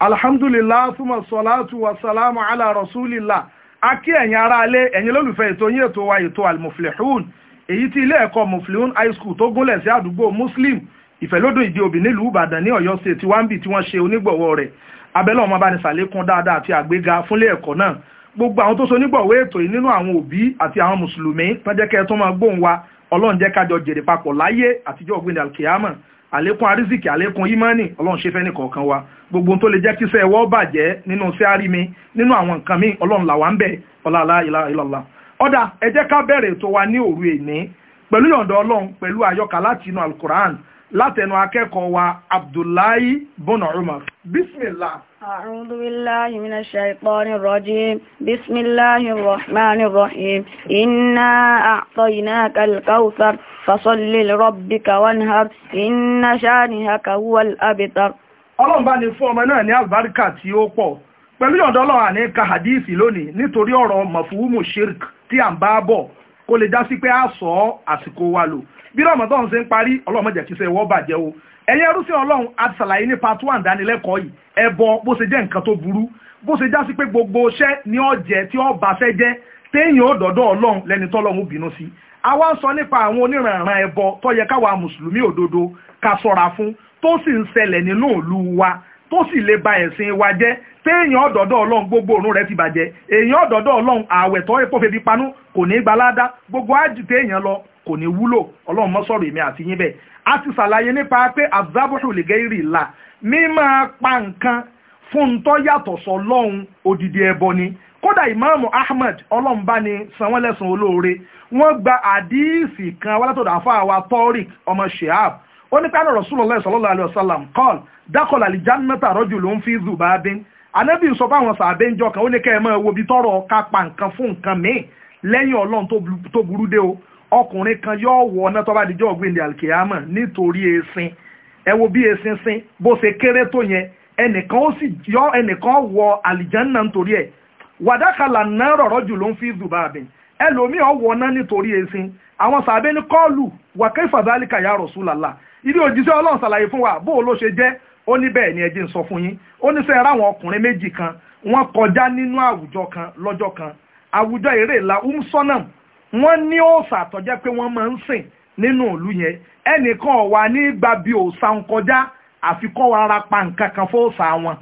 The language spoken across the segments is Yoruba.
alhamdulillah túmọ̀ sọ́látù wa salamu ala rasulillah a kí ẹ̀yin ará ilé ẹ̀yin lólùfẹ́ ètò yín ètò wa ètò almuflihun èyí tí ilé ẹ̀kọ́ muflihun high school tó gúnlẹ̀ sí àdúgbò muslim ìfẹ́lódùn ìdí òbí nílùú ìbàdàn ní ọ̀yọ́ state tí wọ́n bì tí wọ́n ṣe onígbọ̀wọ́ rẹ̀ abẹ́lẹ̀ ọmọ bá ní sàlékún dáadáa àti àgbéga fúnlé ẹ̀kọ́ náà gbogbo àwọn tó so nígbọ̀wọ́ ètò yìí nínú àwọn òbí àti àwọn mùsùlùmí pẹ́jẹ́kẹ́ tó máa gbóhùn wa ọlọ́run jẹ́ kájọ jèrè papọ̀ láyé àtijọ́ ògbìn alkiyama àlékún àrísìkì àlékún ìmánì ọlọ́run ṣe fẹ́ni kọ̀ọ̀kan wa gbogbo tó lè jẹ́ kí sẹ́ ẹ̀wọ́ bàjẹ́ nínú sẹ́árì mi nínú àwọn nǹkan mi ọlọ́run làwa ń bẹ̀ ọ̀làlá ìlàlá ọ̀dà ẹ jẹ́ ká bẹ̀rẹ̀ ètò wa ní òru èní pẹ̀lú yọ̀ǹda ọlọ́run pẹ̀lú àyọkà láti inú alukur'an látẹnu akẹ́kọ̀ọ́ wa abdullahi bọ́nà umar bismillah. أعوذ بالله من الشيطان الرجيم بسم الله الرحمن الرحيم إنا أعطيناك الكوثر fasalli lirabbika wanhar inna shanihaka huwal abtar ọlọ́run bá ní fún ọmọ náà ní àlùbáríkà tí ó pọ̀ pẹ̀lú yọ̀ǹda ọlọ́run àní ka hadith lónìí nítorí ọ̀rọ̀ mọ̀fúhùmù shirk tí à ń bá bọ̀ kó lè já sí pé a sọ àsìkò wa lò bí ramadan ṣe ń parí ọlọ́run kí iṣẹ́ ìwọ bàjẹ́ o ẹ̀yin ẹrú ọlọ́run a ti ní part one dánilẹ́kọ̀ọ́ yìí ẹbọ bó ṣe jẹ́ nǹkan tó burú bó ṣe já sí pé gbogbo iṣẹ́ ní ọ̀jẹ̀ tí ó bá fẹ́ jẹ́ téèyàn ó dọ̀dọ̀ ọlọ́run lẹ́ni tọ́lọ́run bínú sí a wá ń sọ nípa àwọn oníranran ẹbọ tó yẹ káwa mùsùlùmí òdodo ká sọ́ra fún tó sì ń ṣẹlẹ̀ nínú ìlú wa tó sì lè ba ẹ̀sìn wa jẹ́ téèyàn ọ̀dọ̀dọ̀ ọlọ́run gbogbo òórùn rẹ̀ ti bàjẹ́ èèyàn ọ̀dọ̀dọ̀ ọlọ́run ààwẹ̀ tó epo febi panú kò ní gbalada gbogbo ájì téèyàn lọ kò ní wúlò ọlọ́run mọ́ sọ̀rọ̀ èmi àti yín bẹ́ẹ̀ a ti ṣàlàyé nípa pé azabuhu lìgẹ́rì là mímọ́ pa nǹkan fún un tó yàtọ̀ sọ lọ́hùn odidi ẹbọ ni kódà ìmáàmù ahmed ọlọ́mbà ni sanwó-ẹlẹ́sùn olóore wọ́n gba àdíìsì kan wọ́n látọ̀dọ̀ wa tọ́rìk ọmọ shehab ó ní pẹ́ẹ́nà rasulullah sallallahu alayhi wa sallam kọ́l dákọ̀lá aljannata rajulun fi zubabin anábì sọ fáwọn sàbẹ̀ ńjọ kan ó ní kẹ́ẹ̀ máa wo bí tọrọ ká pa nǹkan fún nǹkan míì lẹ́yìn ọlọ́run tó burú dé o ọkùnrin kan yóò wọ ọ̀nà tó bá dijọ́ ọ̀gbìn alkiyama nítorí esin ẹ wo bí esin sin bó ṣe kéré tó yẹn ẹnìkan ó sì yọ ẹnìkan wọ àlìjánná nítorí ẹ̀ wàdákàlà náà rọ̀rọ̀ jù ló ń fi dùbà bẹ̀ ẹlòmíì ọ̀wọ́ náà nítorí ẹ̀sìn àwọn sàbẹ̀ ní kọ́ọ̀lù wàkẹ́ ìfàdálìkà ya Rasulullah ilé òjíṣẹ́ ọlọ́run ṣàlàyé fún wa bó o ló ṣe jẹ́ ó ní bẹ́ẹ̀ ni ẹ jẹ́ ń sọ fún yín ó ní sẹ́yìn ráwọn ọkùnrin méjì kan wọ́n kọjá nínú àwùjọ kan lọ́jọ́ kan àwùjọ eré ìlà umsonam wọ́n ní òòṣà àtọ́jẹ́ pé wọ́n máa ń sìn nínú ìlú yẹn ẹnìkan ọ̀wà ní gbàbí òòṣà ń kọjá àfikọ́ ara pa nǹkan kan fóòṣà wọn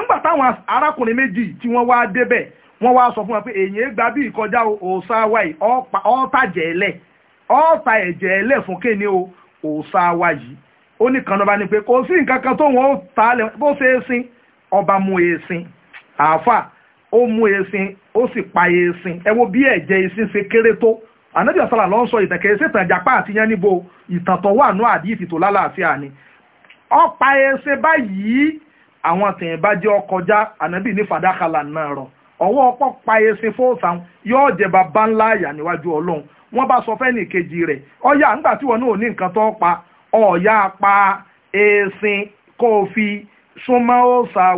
nígbà táwọn arákùnrin méjì tí wọ́n wá débẹ̀ wọ́n wá sọ fún wa pé èyàn gba bí ìkọjá òòṣà wa yìí ọ̀ọ́tàjẹ̀ ẹlẹ̀ ọ̀ọ́ta ẹ̀jẹ̀ ẹlẹ̀ fún kéde o òòṣà wa yìí ó ní kan náà bá ní pé kò sí nǹkan kan tó wọn ó ta lẹ bó ṣe é sin ọba mu èèsìn e àáfà ó mu èèsìn e ó sì pa èèsìn e ẹ wo bí ẹ̀jẹ̀ èèsìn ṣe kéré tó ànábì ọ̀sán àlọ́ ń sọ ìtàn kìí ṣètàn ìjàpá àti yẹn níbo ìtàn tó wà ní àdìsí tó lálàáfíà ni ọ̀pá èèsìn báyìí àwọn àtẹ̀yìn bá jẹ́ ọkọjá ànábì ní fàdákàlà náà rọ ọwọ́ ọpọ́ pa ẹsẹ̀ fóòsà yóò jẹ bàbá ńlá àyà níwájú ọlọ́run wọ́n bá sọ fẹ́ nìkejì rẹ̀ ọ̀yà ńgbà tí wọn ò ní nǹkan tó pa pa kó o fi súnmọ́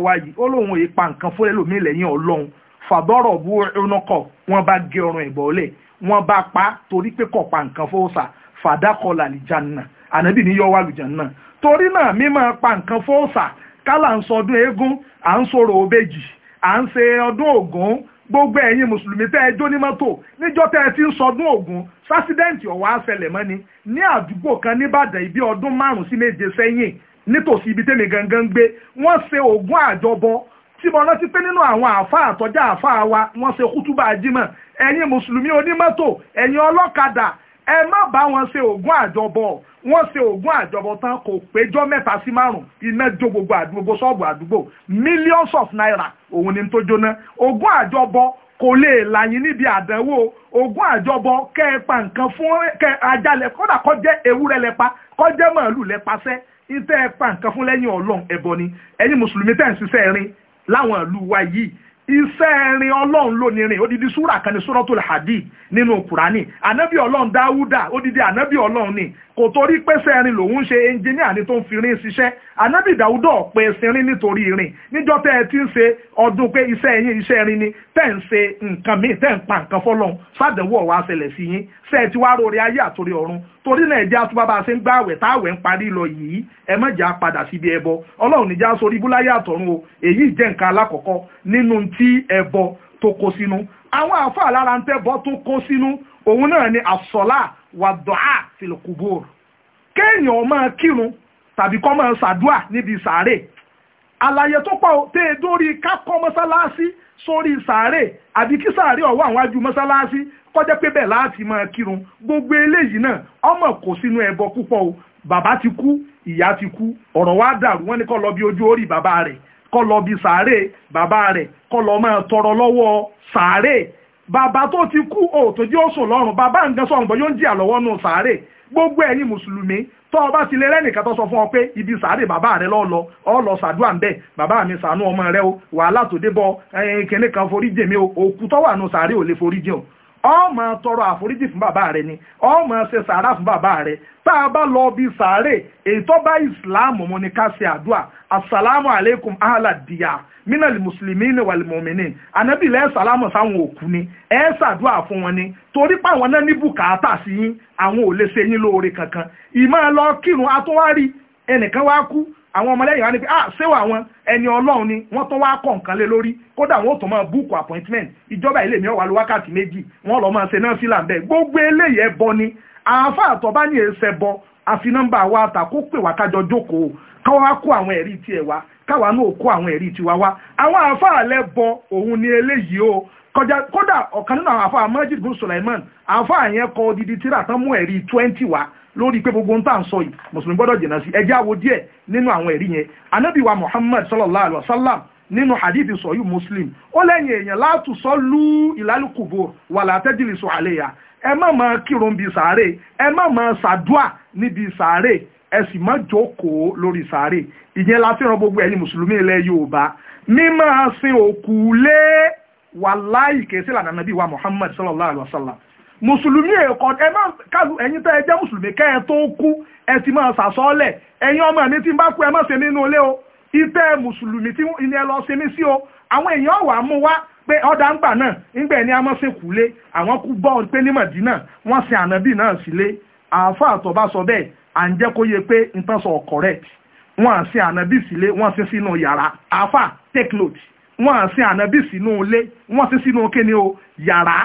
wa yìí ó pa nǹkan fún lẹ́yìn ọlọ́run fàdọ́rọ̀ bú wọn bá gé ọrùn kálà ń sọdún eégún à ń sọ̀rọ̀ òbejì à ń ṣe ọdún ògún gbogbo ẹ̀yin mùsùlùmí tẹ́ ẹ jó ní mọ́tò níjọ́ tẹ́ ẹ ti ń sọdún ògún sásídẹ́ǹtì ọ̀wá ṣẹlẹ̀ mọ́ ni ní àdúgbò kan nìbàdàn ibi ọdún márùn-ún sí méje sẹ́yìn nítòsí ibi tẹ́mi gangan gbé wọ́n ṣe ògún àjọbọ tí mo rántí pé nínú àwọn àáfàá àtọ́jà àáfàá wa wọ́n ṣe kútúbà jímọ̀ ẹ̀yin mùsùlùmí onímọ́tò ẹ̀yin ọlọ́kadà ẹ má bá wọn ṣe ògùn àjọbọ wọn ṣe ògùn àjọbọ tán kò péjọ mẹ́ta sí márùn iná jó gbogbo àdúgbò ṣọ́ọ̀bù àdúgbò millions of naira òun ni tó jóná ògùn àjọbọ kò lè làyín níbi àdánwò ogún àjọbọ kẹpa nǹkan fún kẹ ajalẹ kódà kó jẹ́ ewúrẹ́ lẹpa kó jẹ́ màálù lẹpasẹ ìtẹ ẹpa nǹkan fún lẹ́yìn Ọlọ́run ẹbọ ni ẹ̀yin mùsùlùmí tẹ́ ń ṣiṣẹ́ rin láwọn ìlú wa yìí iṣẹ́ ẹ̀rin ọlọ́run lónìí rìn odidi súrà kan ní suratul hadid nínú kùránì ànábì ọlọ́run dáwúdà odidi ànábì ọlọ́run ni kò torí pẹ́sẹ́ ẹ̀rin lòun ṣe ẹnjìníà ni tó ń fi rin ṣiṣẹ́ ànábì dáwúdọ̀ pé sinrin nítorí irin níjọ́ tẹ́ ẹ ti ń ṣe ọdún pé iṣẹ́ ẹ̀yin iṣẹ́ ẹ̀rin ni tẹ́ ń ṣe nǹkan míì tẹ́ ń pa nǹkan fọlọ́run sádẹ̀wọ̀ wá ṣẹlẹ̀ sí yín ṣe ti wá rori ayé àtòrí ọ̀run torí náà ẹjẹ́ àtúbà bá a ṣe ń gbá àwẹ̀ táwẹ̀ ń parí lọ yìí ẹ má jẹ́ àpadà síbi ẹbọ ọlọ́run níjà sórí búláyà àtọ̀run o èyí jẹ́ nǹkan alákọ̀ọ́kọ́ nínú t tí ẹbọ tó kó sínú àwọn àáfàá lára ń tẹ́bọ tó kó sínú òun náà ni àsọlá wàdọ́à fìlìkùbùr kéèyàn máa kírun tàbí kọ́ máa ṣàdúà níbi sàárè àlàyé tó pọ̀ tẹ́ ẹ dórí kákọ́ mọ́sálásí sórí sàárè àbí kí sàárè ọ̀wọ́ àwọn ajú mọ́sálásí kọjá pé bẹ́ẹ̀ láti máa kírun gbogbo eléyìí náà ọmọ kò sínú ẹbọ púpọ̀ o bàbá ti kú ìyá ti kú ọ̀rọ̀ wa dàrú wọ́n ní kó lọ bí ojú orí bàbá rẹ̀ kọ́ lọ bí sàárè bàbá rẹ̀ kọ́ lọ máa tọrọ lọ́wọ́ sàárè bàbá tó ti kú ò tó jẹ́ òsùn lọ́rùn bàbá nǹkan sọ̀rùn bọ́ yóò ń jìyà lọ́wọ́ nù sàárè gbogbo ẹ̀yin mùsùlùmí tó ọba ti lè rẹ́nìkan tó sọ fún ọ pé ibi sàárè bàbá rẹ lọ lọ ọ lọ sàdúrà ńbẹ bàbá mi sànú ọmọ rẹ o wàhálà tó dé bọ ẹyin kìnìkan foríjì mi o òkú tó wà sàárè ò lè foríjì o ọ máa tọrọ àforíjì fún bàbá rẹ ni ọ máa ṣe sàárà fún bàbá rẹ tá a bá lọ bí sàárè ètò bá ìsìláàmù mu ni ká ṣe àdúà asalaamu aleykum ahala diya minali musulmi ni walimomini anabi ilẹ̀ salamu sáwọn òkú ni ẹ ṣàdúà fún wọn ni torí pé àwọn náà ní bùkátà sí yín àwọn ò lè ṣe yín lóore kankan ìmọ̀ ẹ lọ kírun atúwárí ẹnìkan wá kú àwọn ọmọlẹ́yìn wa ni pé ah ṣéwà àwọn ẹni ọlọ́run ni wọ́n tó wá kọ̀ nǹkan lé lórí kódà wọ́n ò tó máa búùkù appointment ìjọba ilé mi ò wá lo wákàtí méjì wọ́n lọ́ máa ṣe náà fìlà bẹ́ẹ̀ gbogbo eléyìí ẹbọ ni àáfà àtọ́bá ní èsẹ̀ bọ àfi nọ́mbà wa àtà kó pè wá kájọ jókòó káwá kó àwọn ẹ̀rí tiẹ̀ wá káwa náà kó àwọn ẹ̀rí tiwa wá àwọn àáfà àlẹ́ bọ òun ni eléyìí o kódà ọ̀kan nínú àwọn àfáà Majid bin Sulaiman àfáà yẹn kọ odidi tíra tán mú ẹ̀rí twenty wa lórí pé gbogbo ń tà ń sọ yìí mùsùlùmí gbọ́dọ̀ jìnnà sí ẹjẹ́ àwo díẹ̀ nínú àwọn ẹ̀rí yẹn Ànábì Muhammad sallallahu alayhi wa sallam nínú hadithi sọ̀yí muslim ó lẹ́yìn èèyàn látù sọ lú ìlálùkùbò wà látẹ́jìlì sọ àléyà ẹ má máa kírun bíi sàárè ẹ má máa ṣàdúà níbi sàárè ẹ sì má jókòó lórí sàárè ìyẹn la fẹ́ràn gbogbo ẹ̀yin mùsùlùmí ilẹ̀ yorùbá mímọ́ sin òkú lé wàláì kèsì lànà nàbí wa muhammad sallallahu alayhi wa sallam mùsùlùmí èkó ẹ máa kálu ẹ̀yin tẹ́ ẹ jẹ́ mùsùlùmí kẹ́ ẹ tó kú ẹ ti máa sàsọ́ọ́lẹ̀ ẹ̀yin ọmọ mi ti bá kú ẹ má o ìtẹ́ mùsùlùmí tí ilé ẹ lọ ṣe mí sí o àwọn èèyàn wà á mú wá pé ọ̀dà ń gbà náà ńgbà ẹni a máa àwọn kú bọ́ pé sọ bẹ́ẹ̀ à ń jẹ́ kó yẹ pé sọ wọ́n ànábì wọ́n sínú wọ́n á sin ànábì sínú ilé wọ́n sin sínú kíni o yàrá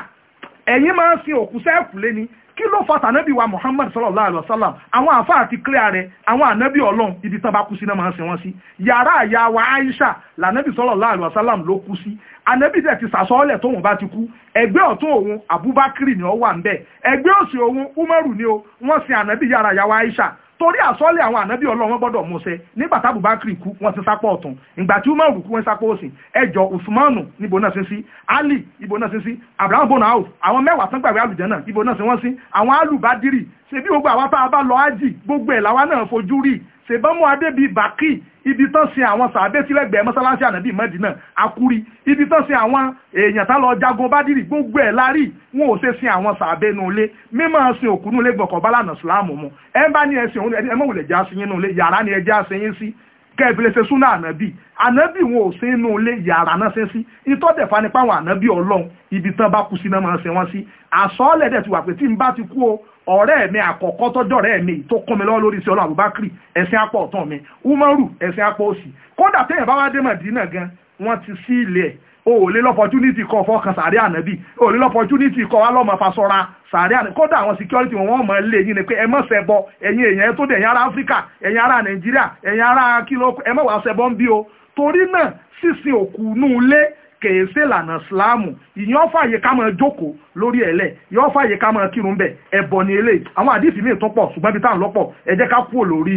ẹ̀yin máa ń sin òkú sẹ́ẹ̀kùlé ni kí ló fa tànábì wa Muhammad sallallahu alayhi wa sallam àwọn àfa àti kílẹ̀ rẹ̀ àwọn ànábì ọlọ́run ibi tán bá kú sí náà máa ń sin wọ́n sí yàrá àyà wa Aisha lànábì sallallahu alayhi wa sallam ló kú sí ànábì dẹ̀ ti sàsọ́ọ́lẹ̀ tóun bá ti kú ẹgbẹ́ ọ̀tún òun Abubakar ni ó wà ń bẹ̀ ẹgbẹ́ òsì òun Umaru ni ó wọ́n sin ànábì yàrá àyà wa Aisha torí àsọ́lẹ̀ àwọn ànábì ọlọ́run gbọ́dọ̀ múṣẹ nígbà tí Abubakar kú wọ́n ti sápọ̀ ọ̀tún ìgbà tí Umaru kú wọ́n sápọ̀ òsì ẹjọ́ Usmanu níbo náà sí sí Ali ibo náà sí sí Abraham bona house àwọn mẹ́wàá tán gbàgbé àlùjànnà ibo náà sí wọ́n sí àwọn alùbádìrì ṣebí gbogbo àwa tá a bá lọ ájì gbogbo ẹ̀ làwa náà fojú rí ṣèbámu adébí bàkì ibi tán sin àwọn sàbẹ́ sílẹ̀gbẹ̀ẹ́ mọ́sálásí ànábì mẹ́dínà akúrí ibi tán sin àwọn èèyàn tá lọ jagun bádìrì gbogbo ẹ̀ lárí wọn ò ṣe sin àwọn sàbẹ́ nù ilé mímọ́ sin òkú nù ilé gbọ̀kọ̀ bálànà sùlámù mu ẹ bá ní ẹsìn òun ẹ mọ̀ wùlẹ̀ já sí yín nù ilé yàrá ni ẹ já sí yín sí kẹ́ẹ̀fìlẹ̀ ṣe súnà ànábì ànábì wọn ò sí inú ilé yàrá náà ṣe sí itọ́ dẹ̀fà nípa àwọn ànábì ọlọ́run ibi tán bá kú sí náà máa ṣe wọ́n sí àsọ́ọ́lẹ̀ dẹ̀ ti wà pé tí n bá ti kú o ọ̀rẹ́ mi àkọ́kọ́ tọ́jọ́ ọ̀rẹ́ mi tó kún mi lọ́wọ́ lórí iṣẹ́ ọlọ́ Abubakar ẹ̀sìn apá ọ̀tún mi Umaru ẹ̀sìn apá òsì kódà téèyàn bá wá dé Mọ̀dínà gan wọ́n ti sí ilẹ̀ ẹ̀ o ò lè lọ́pọ̀túnítì kọ́ fọ́kàn sàárẹ̀ ànábì o ò lè lọ́pọ̀túnítì kọ́ wá lọ́mọ fasọ́ra sàárẹ̀ ànábì kódà àwọn security wọn wọ́n mọ̀ lé yín ni pé ẹ má ṣẹbọ ẹ̀yin èèyàn tó dẹ̀ ẹ̀yin ará áfíríkà ẹ̀yin ará nàìjíríà ẹ̀yin ará kíló ẹ má wá ṣẹbọ ń bí o torí náà sísìn òkú nù lé kèé ṣèlànà síláàmù ìyẹn fàyè ká máa jókòó lórí ẹ̀lẹ̀ yọ fàyè ká máa kírun bẹ̀ ẹ̀bọ̀ ni eléyìí àwọn àdìsí míì tó pọ̀ ṣùgbọ́n ibi táwọn lọ́pọ̀ ẹ jẹ́ ká kúrò lórí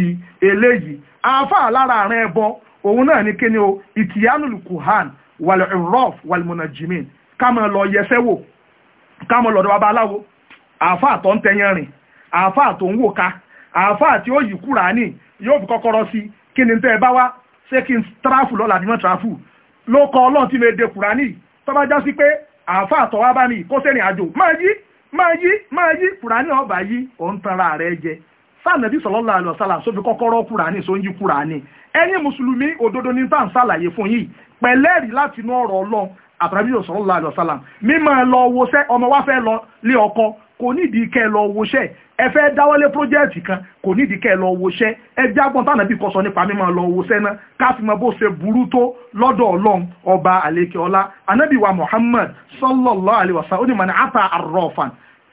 eléyìí àáfà lára àárín ẹbọ òun náà ní kíni o ìtìyánul kuhan wàlẹ̀ ìrọ́f wàlẹ̀ mọ̀nàjìmín ká máa lọ yẹsẹ́ wò ká máa lọ́dọ̀ babaláwo bá wá ṣé ni wọ́n ló kọ ọlọ́run tí lè de kùránì tó bá já sí pé àáfà àtọ̀wá bá ní ìkóṣẹ́rìn àjò máa yí máa yí máa yí kùránì ọba yí òun tanra rẹ jẹ sànàbí sọlọ́lá àlọ́sálà sófi kọ́kọ́rọ́ kùránì só ń yí kùránì ẹ̀yin mùsùlùmí òdodo ní tá à ń sàlàyé fún yìí pẹ̀lẹ́rì láti inú ọ̀rọ̀ ọlọ́run àtàbí sọlọ́lá àlọ́sálà mímọ́ ẹ lọ wo sẹ́ ọmọ wa fẹ́ lọ lé ọkọ kò nídìí kẹ́ ẹ lọ wọṣẹ́ ẹ fẹ́ dáwọ́lé pírójẹ́ẹ̀tì kan kò nídìí kẹ́ ẹ lọ wọṣẹ́ ẹ jágbọ́n tánà bí kọsọ nípa mímọ́ lọ wọṣẹ́ náà káfí mọ bó ṣe burú tó lọ́dọ̀ ọlọ́run ọba àlekè ọlá anábìwa Muhammad sallallahu alayhi wa sallam ó ní mọ̀nà àtà àrọ̀fàn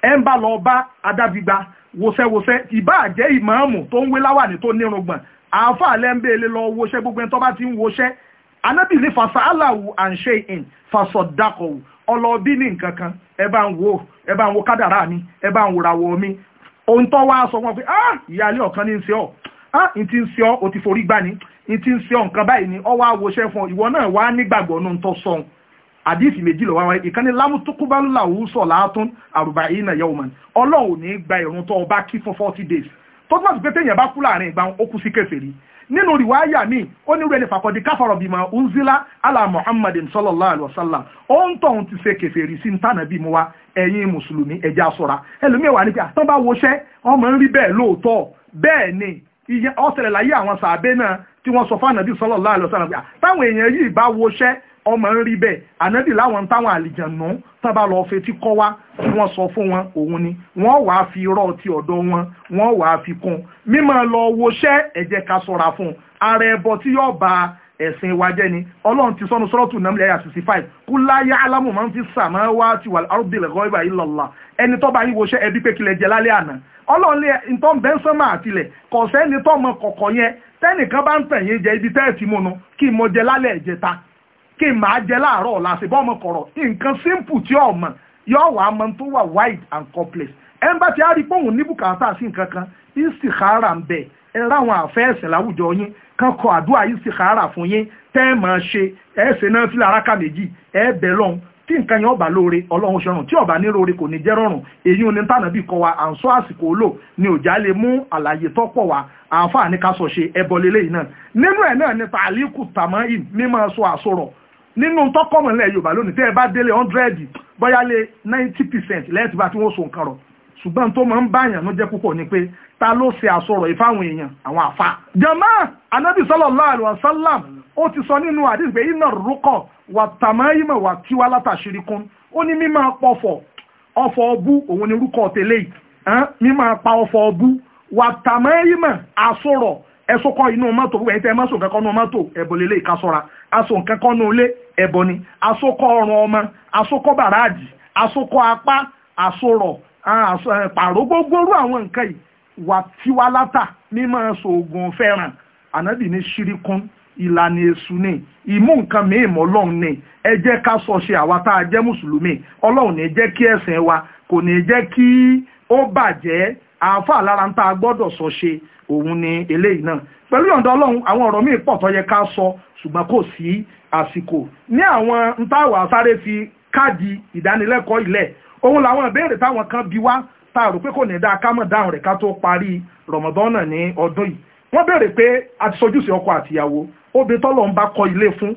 ẹ ń bá lọ bá adábígba wọṣẹ́wọṣẹ́ ìbá jẹ́ ìmáàmù tó ń wé láwàní tó nírùngbọ̀n àáfà lẹ́ńbẹ̀ẹ́lẹ́ lọ wọṣẹ́ gbogbo ẹni tó bá ti ń wọṣẹ́ anábì fasa aláwù àǹṣe ìn fasọ̀dákọ̀wù ọlọ́ọ̀bí ní nǹkan kan ẹ bá ń wo ẹ bá ń wo kádàrá mi ẹ bá ń wo ràwọ̀ mi ohun tó wá sọ wọn pé ah ìyáálé ọ̀kan ní ń ṣe ah n ti ń ṣe ọ́ o ti forí gbani n ti ń ṣe ọ́ nǹkan báyìí ni ọwọ́ àwòṣẹ́ fún ọ ìwọ náà wá nígbàgbọ́ nù tó sọ àdìsí méjì lọ́wọ́ wáyé ìkànnì lámùtúkúbálùlà òwúsọ̀ làátún àrùbà yìí nà yẹ òmàn ọlọ́run ní gba ìrun tó ọba kí fún forty days tó bá ti pété yẹn bá kú láàrin ìgbà ó kú sí kèfèrí nínú rìwáyà mi ó ní rẹni fàkọ̀dí káfọ̀rọ̀ bímọ unzila ala muhammadin sallallahu alayhi wa sallam ó ń tọ̀hún ti ṣe kẹfẹ́rì sí ntànà bí mu wa ẹ̀yin mùsùlùmí ẹja sọ̀ra ẹlòmíì wà ní pé àtọ́ ah, bá wọṣẹ́ ọmọ ń rí bẹ́ẹ̀ lóòótọ́ bẹ́ẹ̀ ni ọ̀sẹ̀rẹ̀ láyé àwọn sàbẹ̀ náà tí wọ́n sọ fún ànábì sallallahu alaihi wasallam táwọn èèyàn yìí bá woṣẹ́ ọmọ ń rí bẹ́ẹ̀ ànábì láwọn táwọn àlìjànú tán bá lọ fetí kọ́ wá tí wọ́n sọ fún wọn òun ni wọ́n wàá fi irọ́ ti ọ̀dọ̀ wọn wọ́n wàá fi kún mímọ́ lọ woṣẹ́ ẹ jẹ́ ká sọ̀ra fún ara ẹbọ tí yóò ba ẹ̀sìn wa jẹ́ ni ọlọ́run ti sọnu sọ́rọ́tù nàmìlẹ̀ ayà sixty five kúláyà alámù máa ń fi sàmáwá ti wà lárúbìlẹ̀ gọ́ọ́bà illallah ẹni tó bá yín woṣẹ́ ẹbí pé kílẹ̀ jẹ lálẹ́ àná ọlọ́run lé nǹkan bẹ́ńsọ́mà àtìlẹ̀ kò sẹ́ni tó mọ kọ̀kọ̀ yẹn tẹ́nìkan bá ń tàn yín jẹ ibi tẹ́ẹ̀tì mọ́nu kí mo jẹ lálẹ́ ìjẹta kí n máa jẹ láàárọ̀ ọ̀la àṣìbọ́ ọmọ kọ̀rọ̀ nǹkan simple tí ò mọ̀ yóò wá mọ tó wà wide and complex ẹnba tí a rí pòun ní bùkátà sí nǹkan kan ìsìkára ń bẹ ẹ ráwọn àfẹ́ẹ̀sìn láwùjọ yín kan kọ àdúrà ìsìkára fún yín tẹ́ ẹ máa ṣe ẹ ṣe náà fílẹ̀ aráka méjì ẹ bẹ̀ lọ́hùn tí nǹkan yẹn ọba lóore ọlọ́run ṣọrùn tí ọba ní lóore kò ní jẹ́ rọrùn èyí ò ní tànà bí kọ wa à ń sọ ni òjá lè mú àlàyé tó pọ̀ wá àǹfààní ká sọ ṣe ẹbọ lélẹ́yìn náà nínú ẹ̀ náà ni tàlíkù tàmáìm sọ nínú yorùbá lónìí tẹ́ ẹ bá délé hundred bóyá lé so nǹkan ta ló ṣe ìfáwọn èèyàn àwọn àfa. jama anabi sọ nínú àdìsí pé wàtàmáyìmọ̀ wà tíwá látàṣírí kún ó ní mímọ́ pọ̀fọ̀ ọ̀fọ̀ ọbú òun ni orúkọ tẹ́lẹ̀ mímọ́ pa ọ̀fọ̀ ọbú wàtàmáyìmọ̀ àsọ̀rọ̀ ẹ̀sùn kọ́ inú mọ́tò wẹ̀ tẹ́ mọ́sùn kankan nú mọ́tò ẹ̀bọ̀ lélẹ̀ ìkásọ́ra asùn kankan nú ilé ẹ̀bọ̀ ni asókọ́ ọrùn ọmọ asókọ́ bàràjì asókọ́ apá àsọ̀rọ̀ pàrọ̀ gbogbo orú àwọn nǹkan yìí wà tíwá látà mímọ́ sòògùn fẹ́ràn ànábì ní ṣírí kún ìlànà èṣù ni ìmú nǹkan mìíràn mọ́ ọlọ́run ni ẹ jẹ́ ká sọ ṣe àwa tá a jẹ́ mùsùlùmí ọlọ́run ní jẹ́ kí ẹ̀sìn wa kò ní jẹ́ kí ó bàjẹ́ àáfàá lára ń tá a gbọ́dọ̀ sọ ṣe òun ni eléyìí náà pẹ̀lú ọ̀dọ̀ ọlọ́run àwọn ọ̀rọ̀ míì pọ̀ tó yẹ ká sọ ṣùgbọ́n kò sí àsìkò ní àwọn ntáwà sáré fi káàdì ìdánilẹ́kọ̀ọ́ ilẹ̀ òun làwọn ìbéèrè táwọn kan bi wá tá a rò pé kò ní dáa ká mọ̀ dáhùn rẹ̀ ká tó parí rọ̀mọ̀dọ́nà ní ọdún yìí wọ́n béèrè pé àti sojúṣe ọkọ àtìyàwó obìnrin tọ́lọ̀ ń bá kọ ilé fún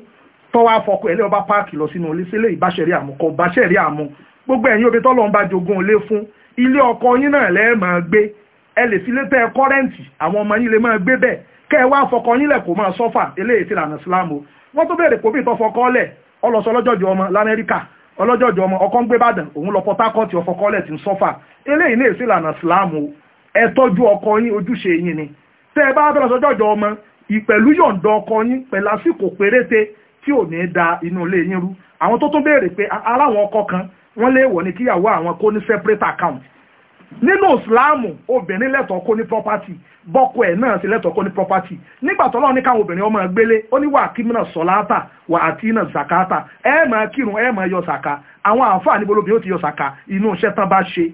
tọ́wọ́ afọkọ ẹ̀lẹ́ ọba páàkì lọ sínú ilé sílé ìbáṣẹ̀rí àmú kọ ìbáṣẹ̀rí àmú gbogbo ẹ̀yin obìnrin tọ́lọ̀ ń bá jogún ilé fún ilé ọkọ yín náà lẹ́ẹ̀ máa gbé ẹ lè fi létẹ́ kọ́rẹ́ǹtì àwọn ọmọ yín lè máa gbé bẹ́ẹ̀ kẹ́ ẹ wá afọkọ yín lẹ̀ kó máa sọ́fà eléyìí ti lànà sílámù wọ́n tó béèrè kó bí ìtọ́ fọkọ lẹ̀ ọlọ́sọ ọlọ́jọ́jọ́ ọmọ lamẹ́ríkà ọlọ́jọ́jọ́ ń gbé bàdàn òun lọ Port Harcourt ọfọkọ ń sọ́fà eléyìí náà ti lànà sílámù ẹ tọ́jú ọkọ yín ojúṣe yín ni tẹ́ ẹ bá bẹ̀rẹ̀ sọ́jọ́ ọjọ́ ọmọ ìpẹ̀lú yọ̀ǹda ọkọ yín pẹ̀lú àsìkò péréte tí ò ní da inú ilé yín rú àwọn tó tún béèrè pé aláwọn ọkọ kan wọ́n lè wọ̀ ní kíyàwó àwọn kó ní separate account nínú ìsìláàmù obìnrin lẹ́tọ̀ọ́ kó ní property bọ́kọ ẹ̀ náà sì lẹ́tọ̀ọ́ kó ní property nígbà tó lọ́wọ́ ní káwọn obìnrin ọmọ gbélé ó ní wà kí mìíràn sọ̀láàtà wà àti iná zakata ẹ máa kírun ẹ máa yọ sàkà àwọn àáfàá níbo lóbi ó ti yọ sàkà inú iṣẹ́ tán bá ṣe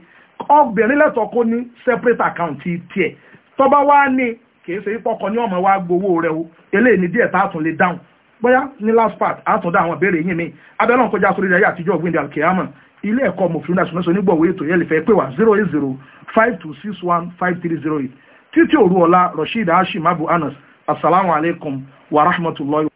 obìnrin lẹ́tọ̀ọ́ kó ní separate account tiẹ̀ tó bá wá ní kìí ṣe pọ́kọ ní ọmọ wa gbowó rẹ o eléyìí ni díẹ̀ tá a tún lè dáhùn bóyá ní last part a tún dá àwọn ìbéèrè yín mi abẹ́lẹ́ ọ̀kọ́jà sórí rẹ̀ àtijọ́ ọ̀gbìn alkiyama ilé ẹ̀kọ́ mọ̀fìlú náà sọ̀nẹ́sọ onígbọ̀wé ètò yẹn lè fẹ́ pè wá zero eight zero five two six one five three zero eight títí òru ọ̀la rasheed hashim abu anas asalaamualeykum wa rahmatulahi.